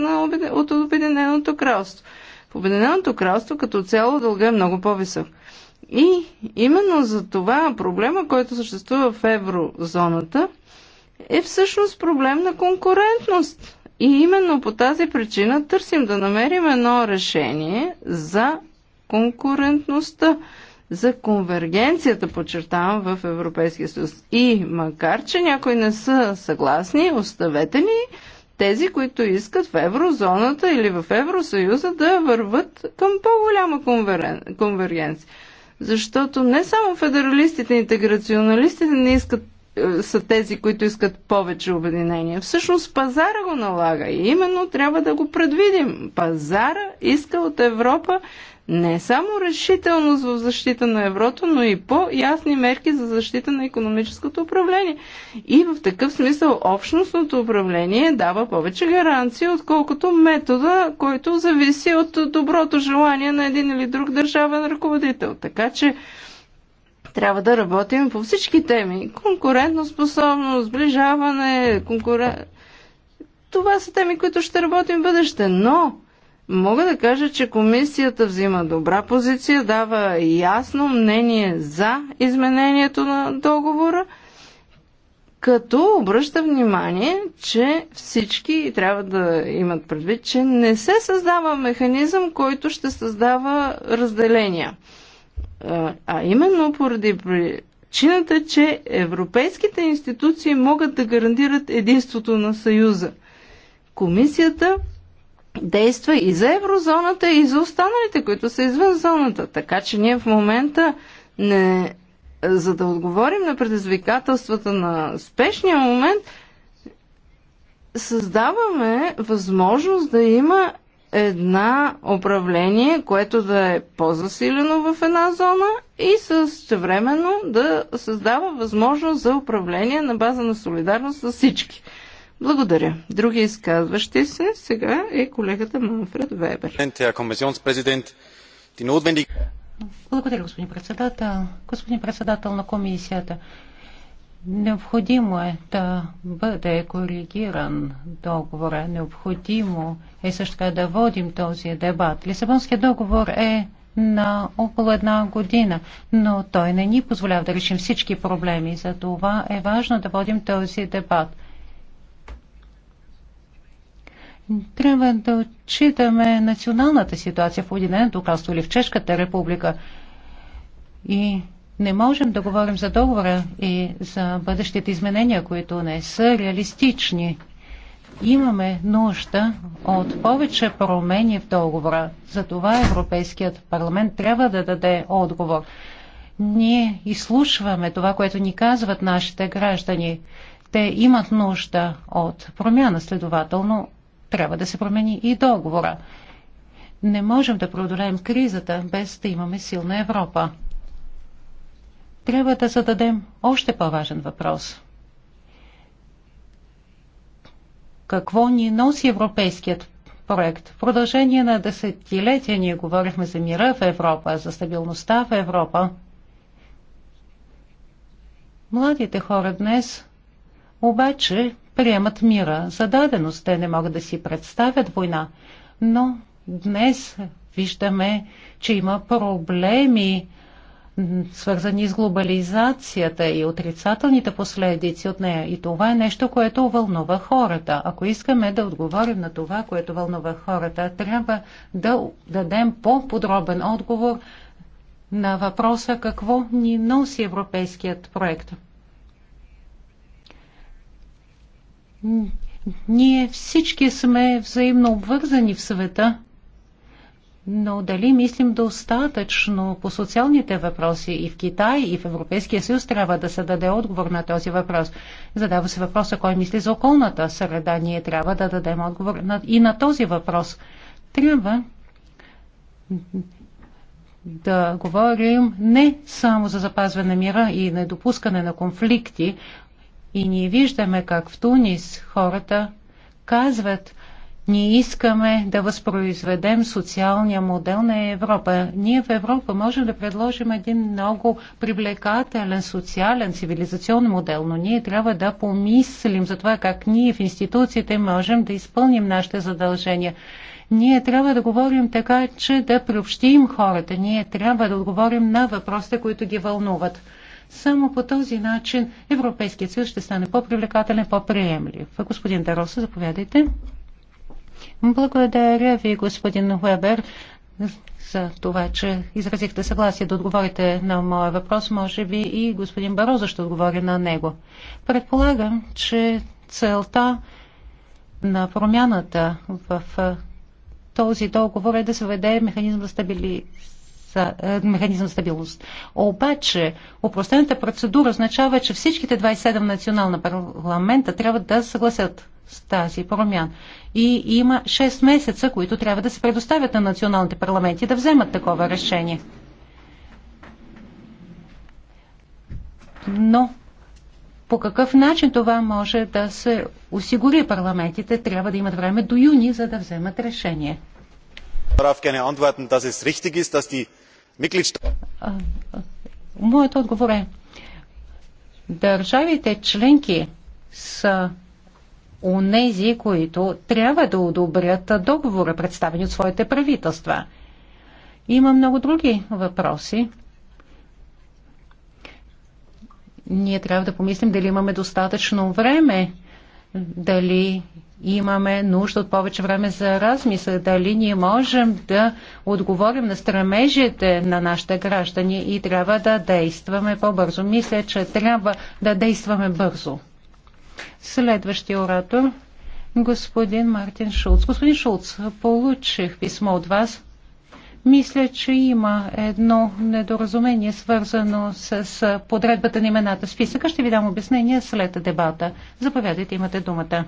от Обединеното кралство. В Обединеното кралство като цяло дълга е много по-висок. И именно за това проблема, който съществува в еврозоната – е всъщност проблем на конкурентност. И именно по тази причина търсим да намерим едно решение за конкурентността, за конвергенцията, подчертавам, в Европейския съюз. И макар, че някои не са съгласни, оставете ни тези, които искат в еврозоната или в Евросъюза да върват към по-голяма конвергенция. Защото не само федералистите и интеграционалистите не искат са тези, които искат повече обединение. Всъщност пазара го налага и именно трябва да го предвидим. Пазара иска от Европа не само решителност в защита на еврото, но и по-ясни мерки за защита на економическото управление. И в такъв смисъл общностното управление дава повече гаранции, отколкото метода, който зависи от доброто желание на един или друг държавен ръководител. Така че трябва да работим по всички теми. Конкурентно способност, сближаване, конкурент... Това са теми, които ще работим в бъдеще, но мога да кажа, че комисията взима добра позиция, дава ясно мнение за изменението на договора, като обръща внимание, че всички трябва да имат предвид, че не се създава механизъм, който ще създава разделения. А именно поради причината, че европейските институции могат да гарантират единството на Съюза. Комисията действа и за еврозоната, и за останалите, които са извън зоната. Така че ние в момента не, за да отговорим на предизвикателствата на спешния момент, създаваме възможност да има една управление, което да е по-засилено в една зона и същевременно да създава възможност за управление на база на солидарност с всички. Благодаря. Други изказващи се сега е колегата Манфред Вебер. Е, Благодаря, господин председател. Господин председател на комисията, Необходимо е да бъде коригиран договора. Необходимо е също така да водим този дебат. Лисабонският договор е на около една година, но той не ни позволява да решим всички проблеми. За това е важно да водим този дебат. Трябва да отчитаме националната ситуация в Одинен, кралство или в Чешката република. И не можем да говорим за договора и за бъдещите изменения, които не са реалистични. Имаме нужда от повече промени в договора. Затова Европейският парламент трябва да даде отговор. Ние изслушваме това, което ни казват нашите граждани. Те имат нужда от промяна, следователно трябва да се промени и договора. Не можем да преодолеем кризата без да имаме силна Европа трябва да зададем още по-важен въпрос. Какво ни носи европейският проект. В продължение на десетилетия ние говорихме за мира в Европа, за стабилността в Европа. Младите хора днес обаче приемат мира за даденост. Те не могат да си представят война. Но днес виждаме, че има проблеми свързани с глобализацията и отрицателните последици от нея. И това е нещо, което вълнува хората. Ако искаме да отговорим на това, което вълнува хората, трябва да дадем по-подробен отговор на въпроса какво ни носи европейският проект. Ние всички сме взаимно обвързани в света но дали мислим достатъчно по социалните въпроси и в Китай, и в Европейския съюз трябва да се даде отговор на този въпрос. Задава се въпроса кой мисли за околната среда. Ние трябва да дадем отговор на, и на този въпрос. Трябва да говорим не само за запазване на мира и недопускане на конфликти. И ние виждаме как в Тунис хората казват, ние искаме да възпроизведем социалния модел на Европа. Ние в Европа можем да предложим един много привлекателен социален, цивилизационен модел, но ние трябва да помислим за това как ние в институциите можем да изпълним нашите задължения. Ние трябва да говорим така, че да приобщим хората. Ние трябва да отговорим на въпросите, които ги вълнуват. Само по този начин Европейският съюз ще стане по-привлекателен, по-приемлив. Господин Дароса, заповядайте. Благодаря ви, господин Уебер, за това, че изразихте съгласие да отговорите на моя въпрос. Може би и господин Бароза ще отговори на него. Предполагам, че целта на промяната в този договор е да се введе механизъм за стабилизация механизъм стабилност. Обаче, упростената процедура означава, че всичките 27 национална парламента трябва да съгласят с тази промяна. И има 6 месеца, които трябва да се предоставят на националните парламенти да вземат такова решение. Но по какъв начин това може да се осигури парламентите? Трябва да имат време до юни, за да вземат решение. Е е моят отговор е, държавите членки са онези, които трябва да одобрят договора, представени от своите правителства. Има много други въпроси. Ние трябва да помислим дали имаме достатъчно време, дали имаме нужда от повече време за размисъл, дали ние можем да отговорим на стремежите на нашите граждани и трябва да действаме по-бързо. Мисля, че трябва да действаме бързо. Следващия оратор господин Мартин Шулц. Господин Шулц, получих писмо от вас. Мисля, че има едно недоразумение, свързано с подредбата на имената списъка. Ще ви дам обяснение след дебата. Заповядайте, имате думата.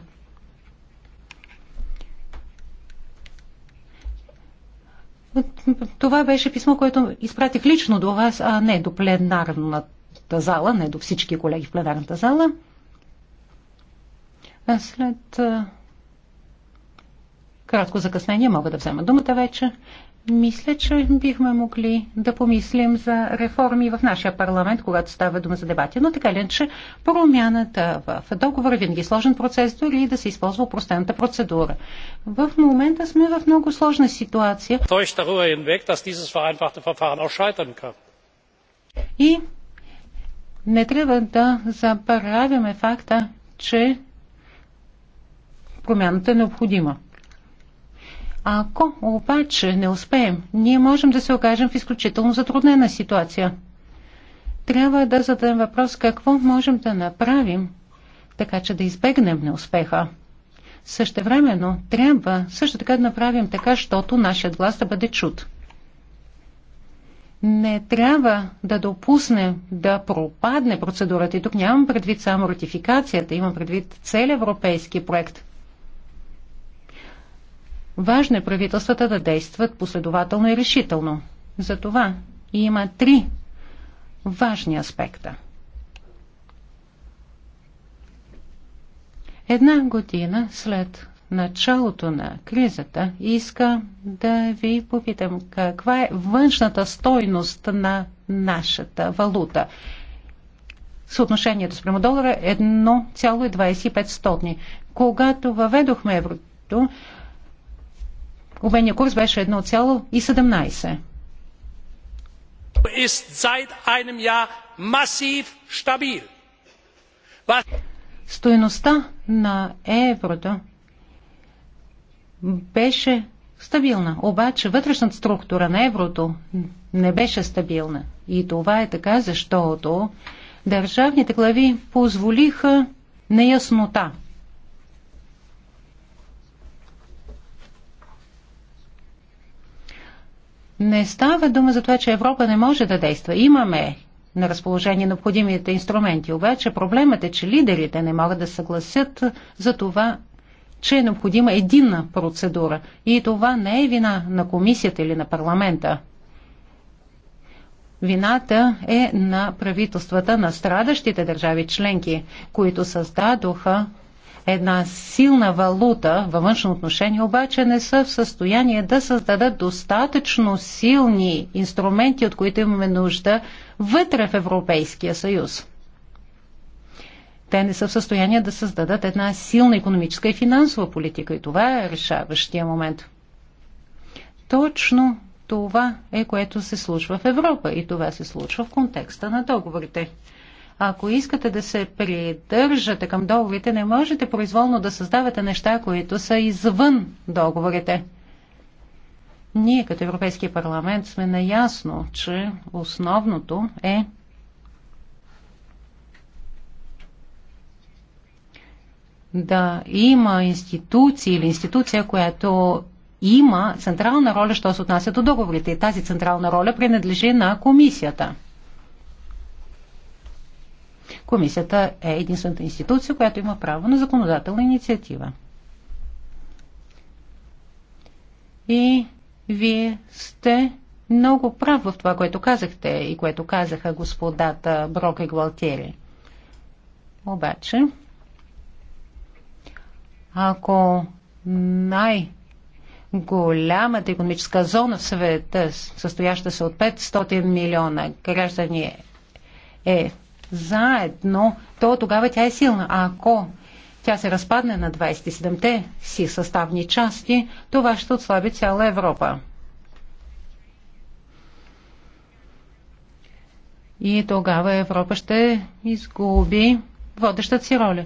Това беше писмо, което изпратих лично до вас, а не до пленарната зала, не до всички колеги в пленарната зала. След кратко закъснение мога да взема думата вече. Мисля, че бихме могли да помислим за реформи в нашия парламент, когато става дума за дебати. Но така ли, че промяната в е винаги сложен процес, дори да се използва упростената процедура. В момента сме в много сложна ситуация. И не трябва да забравяме факта, че промяната е необходима. Ако обаче не успеем, ние можем да се окажем в изключително затруднена ситуация. Трябва да зададем въпрос какво можем да направим, така че да избегнем неуспеха. Същевременно трябва също така да направим така, защото нашият глас да бъде чут. Не трябва да допусне да пропадне процедурата. И тук нямам предвид само ратификацията, имам предвид цел европейски проект. Важно е правителствата да действат последователно и решително. Затова има три важни аспекта. Една година след началото на кризата иска да ви попитам каква е външната стойност на нашата валута. Съотношението спрямо долара е 1,25. Когато въведохме еврото, обменния курс беше 1,17. Ist seit einem Jahr massiv stabil. Was... Стоеността на еврото беше стабилна, обаче вътрешната структура на еврото не беше стабилна. И това е така, защото държавните глави позволиха неяснота Не става дума за това, че Европа не може да действа. Имаме на разположение необходимите инструменти, обаче проблемът е, че лидерите не могат да съгласят за това, че е необходима единна процедура. И това не е вина на комисията или на парламента. Вината е на правителствата на страдащите държави членки, които създадоха една силна валута във външно отношение, обаче не са в състояние да създадат достатъчно силни инструменти, от които имаме нужда вътре в Европейския съюз. Те не са в състояние да създадат една силна економическа и финансова политика и това е решаващия момент. Точно това е което се случва в Европа и това се случва в контекста на договорите. Ако искате да се придържате към договорите, не можете произволно да създавате неща, които са извън договорите. Ние като Европейски парламент сме наясно, че основното е да има институции или институция, която има централна роля, що се отнася до договорите. И тази централна роля принадлежи на комисията. Комисията е единствената институция, която има право на законодателна инициатива. И вие сте много прав в това, което казахте и което казаха господата Брок и Гвалтери. Обаче, ако най- голямата економическа зона в света, състояща се от 500 милиона граждани, е заедно, то тогава тя е силна. А ако тя се разпадне на 27-те си съставни части, това ще отслаби цяла Европа. И тогава Европа ще изгуби водещата си роля.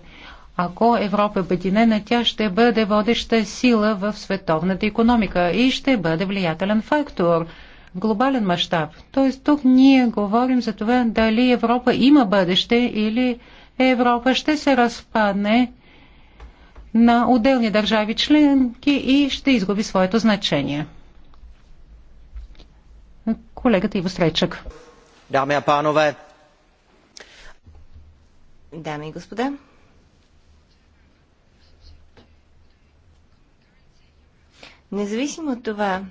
Ако Европа е обединена, тя ще бъде водеща сила в световната економика и ще бъде влиятелен фактор – в глобален мащаб. Тоест тук ние говорим за това дали Европа има бъдеще или Европа ще се разпадне на отделни държави членки и ще изгуби своето значение. Колегата Иво Стречък. Дами и панове. Дами и господа. Независимо от това,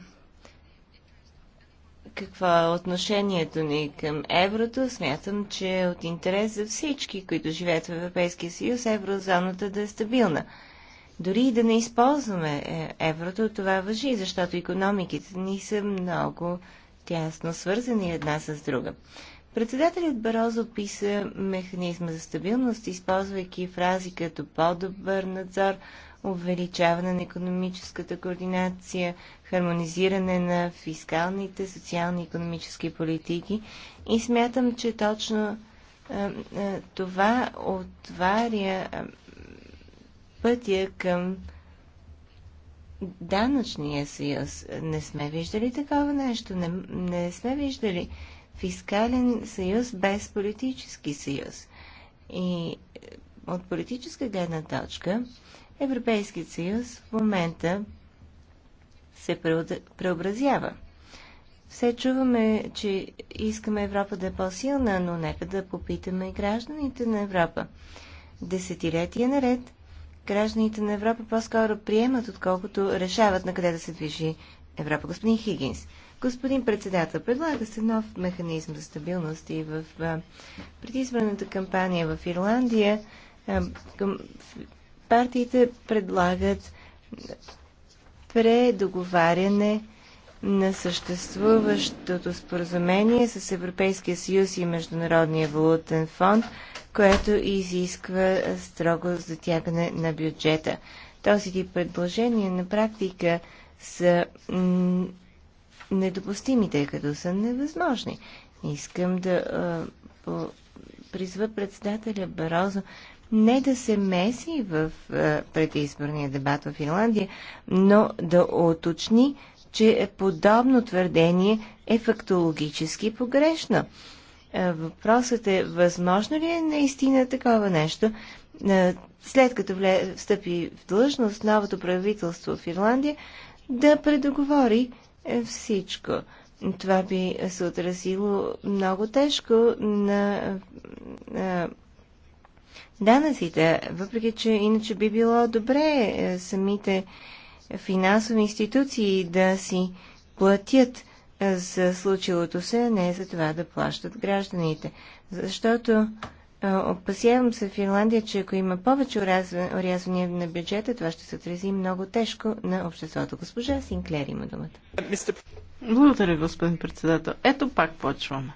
какво е отношението ни към еврото. Смятам, че е от интерес за всички, които живеят в Европейския съюз, еврозоната да е стабилна. Дори и да не използваме е, еврото, това въжи, защото економиките ни са много тясно свързани една с друга. Председателят Бароза описа механизма за стабилност, използвайки фрази като по-добър надзор, увеличаване на економическата координация, хармонизиране на фискалните, социални и економически политики. И смятам, че точно а, а, това отваря а, пътя към данъчния съюз. Не сме виждали такова нещо. Не, не сме виждали фискален съюз без политически съюз. И е, от политическа гледна точка Европейският съюз в момента се преобразява. Все чуваме, че искаме Европа да е по-силна, но нека да попитаме и гражданите на Европа. Десетилетия наред гражданите на Европа по-скоро приемат, отколкото решават на къде да се движи Европа. Господин Хигинс, Господин председател, предлага се нов механизъм за стабилност и в предизборната кампания в Ирландия партиите предлагат предоговаряне на съществуващото споразумение с Европейския съюз и Международния валутен фонд, което изисква строго затягане на бюджета. Този тип предложения на практика са недопустими, тъй като са невъзможни. Искам да а, по, призва председателя Барозо не да се меси в а, предизборния дебат в Ирландия, но да оточни, че подобно твърдение е фактологически погрешно. Въпросът е, възможно ли е наистина такова нещо? След като встъпи в длъжност новото правителство в Ирландия, да предоговори е всичко. Това би се отразило много тежко на, на данъците, въпреки че иначе би било добре е, самите финансови институции да си платят е, за случилото се, а не за това да плащат гражданите. Защото е, опасявам се в Ирландия, че ако има повече урязвания на бюджета, това ще се отрази много тежко на обществото. Госпожа Синклер има думата. Благодаря, господин председател. Ето пак почваме.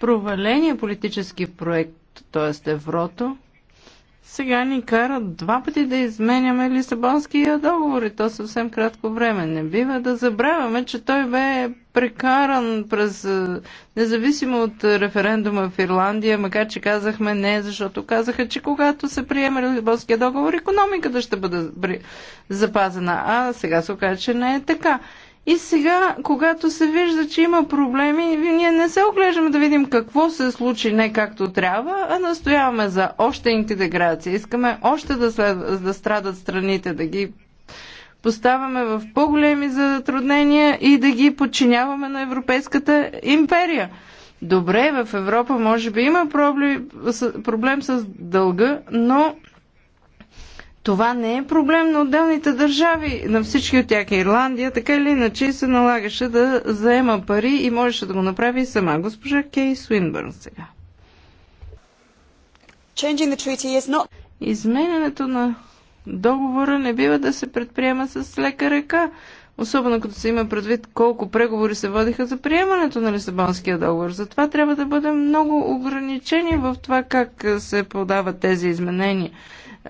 Проваление политически проект, т.е. еврото, сега ни карат два пъти да изменяме Лисабонския договор и то съвсем кратко време. Не бива да забравяме, че той бе прекаран през, е, независимо от референдума в Ирландия, макар че казахме не, защото казаха, че когато се приеме Лисабонския договор, економиката ще бъде запазена. А сега се оказа, че не е така. И сега, когато се вижда, че има проблеми, ние не се оглеждаме да видим какво се случи не както трябва, а настояваме за още интеграция. Искаме още да, следва, да страдат страните, да ги поставяме в по-големи затруднения и да ги подчиняваме на Европейската империя. Добре, в Европа може би има проблем с дълга, но това не е проблем на отделните държави, на всички от тях. Е Ирландия, така или иначе, се налагаше да заема пари и можеше да го направи сама госпожа Кей Суинбърн сега. Not... Изменянето на договора не бива да се предприема с лека река, особено като се има предвид колко преговори се водиха за приемането на Лисабонския договор. Затова трябва да бъдем много ограничени в това как се подават тези изменения.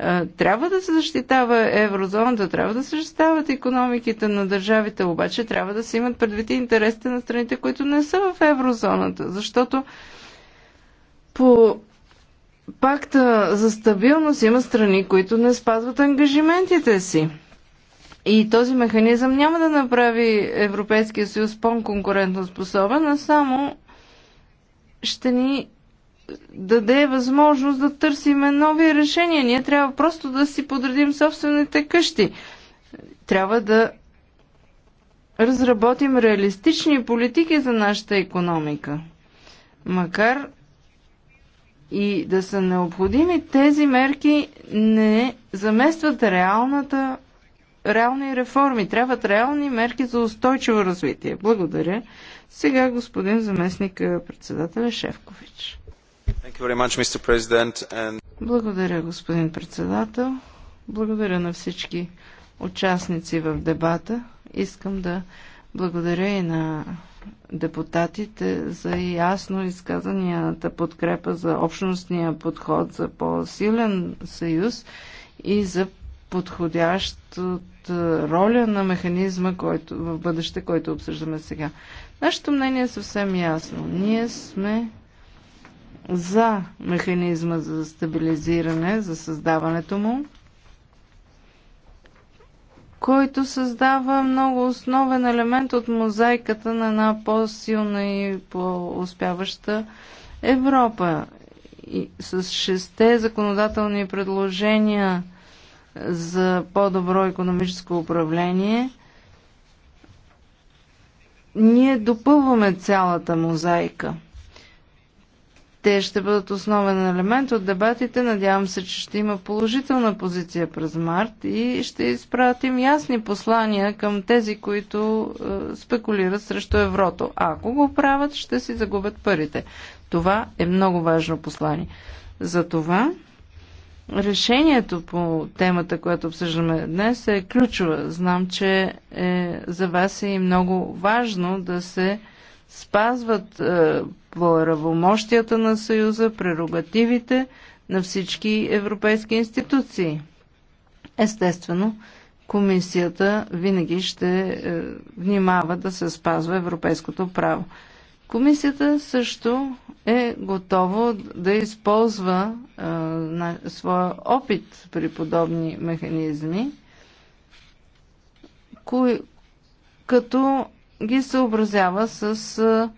Е, трябва да се защитава еврозоната, трябва да се защитават економиките на държавите, обаче трябва да се имат предвид интересите на страните, които не са в еврозоната, защото по пакта за стабилност има страни, които не спазват ангажиментите си. И този механизъм няма да направи Европейския съюз по-конкурентно способен, а само ще ни даде възможност да търсиме нови решения. Ние трябва просто да си подредим собствените къщи. Трябва да разработим реалистични политики за нашата економика. Макар и да са необходими, тези мерки не заместват реалната, реални реформи. Трябват реални мерки за устойчиво развитие. Благодаря. Сега господин заместник председател Шевкович. Благодаря, господин председател. Благодаря на всички участници в дебата. Искам да благодаря и на депутатите за ясно изказанията подкрепа за общностния подход за по-силен съюз и за подходящата е, роля на механизма който, в бъдеще, който обсъждаме сега. Нашето мнение е съвсем ясно. Ние сме за механизма за стабилизиране, за създаването му, който създава много основен елемент от мозайката на една по-силна и по-успяваща Европа. И с шесте законодателни предложения за по-добро економическо управление, ние допълваме цялата мозайка – те ще бъдат основен елемент от дебатите. Надявам се, че ще има положителна позиция през март и ще изпратим ясни послания към тези, които е, спекулират срещу еврото. А ако го правят, ще си загубят парите. Това е много важно послание. Затова решението по темата, която обсъждаме днес, е ключова. Знам, че е, за вас е и много важно да се спазват е, правомощията на Съюза, прерогативите на всички европейски институции. Естествено, комисията винаги ще е, внимава да се спазва европейското право. Комисията също е готова да използва е, на, своя опит при подобни механизми, кои, като ги съобразява с е,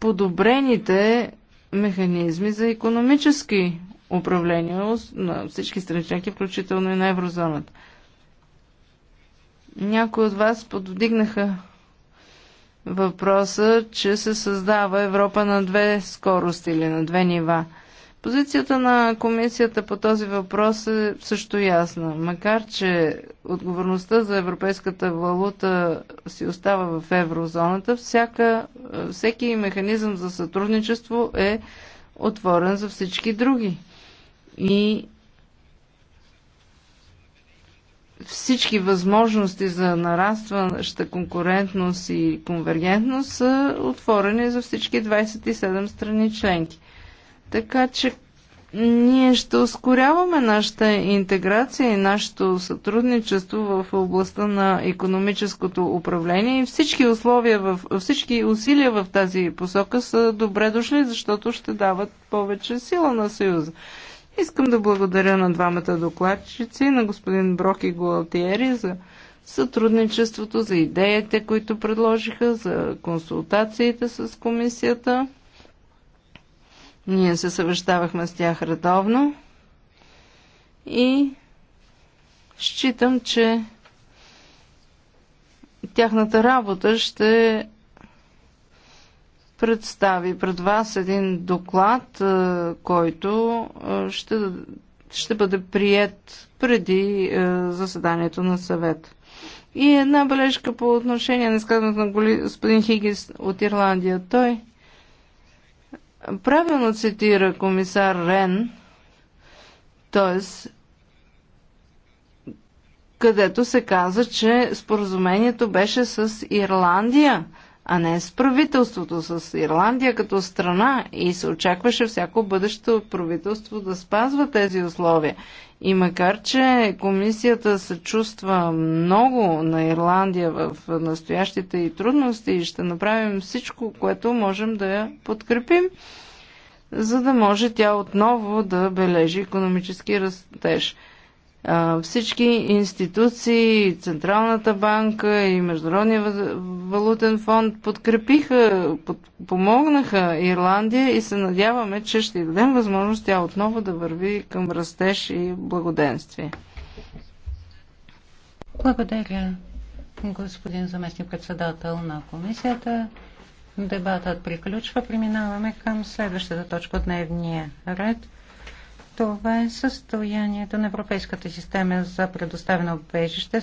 подобрените механизми за економически управление на всички страни членки, включително и на еврозоната. Някои от вас подвдигнаха въпроса, че се създава Европа на две скорости или на две нива – Позицията на комисията по този въпрос е също ясна, макар че отговорността за европейската валута си остава в еврозоната, всяка, всеки механизъм за сътрудничество е отворен за всички други. И всички възможности за нарастваща конкурентност и конвергентност са отворени за всички 27 страни членки. Така че ние ще ускоряваме нашата интеграция и нашето сътрудничество в областта на економическото управление и всички условия, в, всички усилия в тази посока са добре дошли, защото ще дават повече сила на Съюза. Искам да благодаря на двамата докладчици, на господин Брок и Гуалтиери за сътрудничеството, за идеите, които предложиха, за консултациите с комисията. Ние се съвещавахме с тях редовно и считам, че тяхната работа ще представи пред вас един доклад, е, който е, ще, ще бъде прият преди е, заседанието на съвет. И една бележка по отношение на изказването на господин Хигис от Ирландия. Той Правилно цитира комисар Рен, т.е. където се каза, че споразумението беше с Ирландия – а не с правителството, с Ирландия като страна и се очакваше всяко бъдещо правителство да спазва тези условия. И макар, че комисията се чувства много на Ирландия в настоящите и трудности и ще направим всичко, което можем да я подкрепим, за да може тя отново да бележи економически растеж. Всички институции, Централната банка и Международния валутен фонд подкрепиха, помогнаха Ирландия и се надяваме, че ще дадем възможност тя отново да върви към растеж и благоденствие. Благодаря, господин заместник председател на комисията. Дебатът приключва. Преминаваме към следващата точка от дневния ред. Това е състоянието на Европейската система за предоставено обежище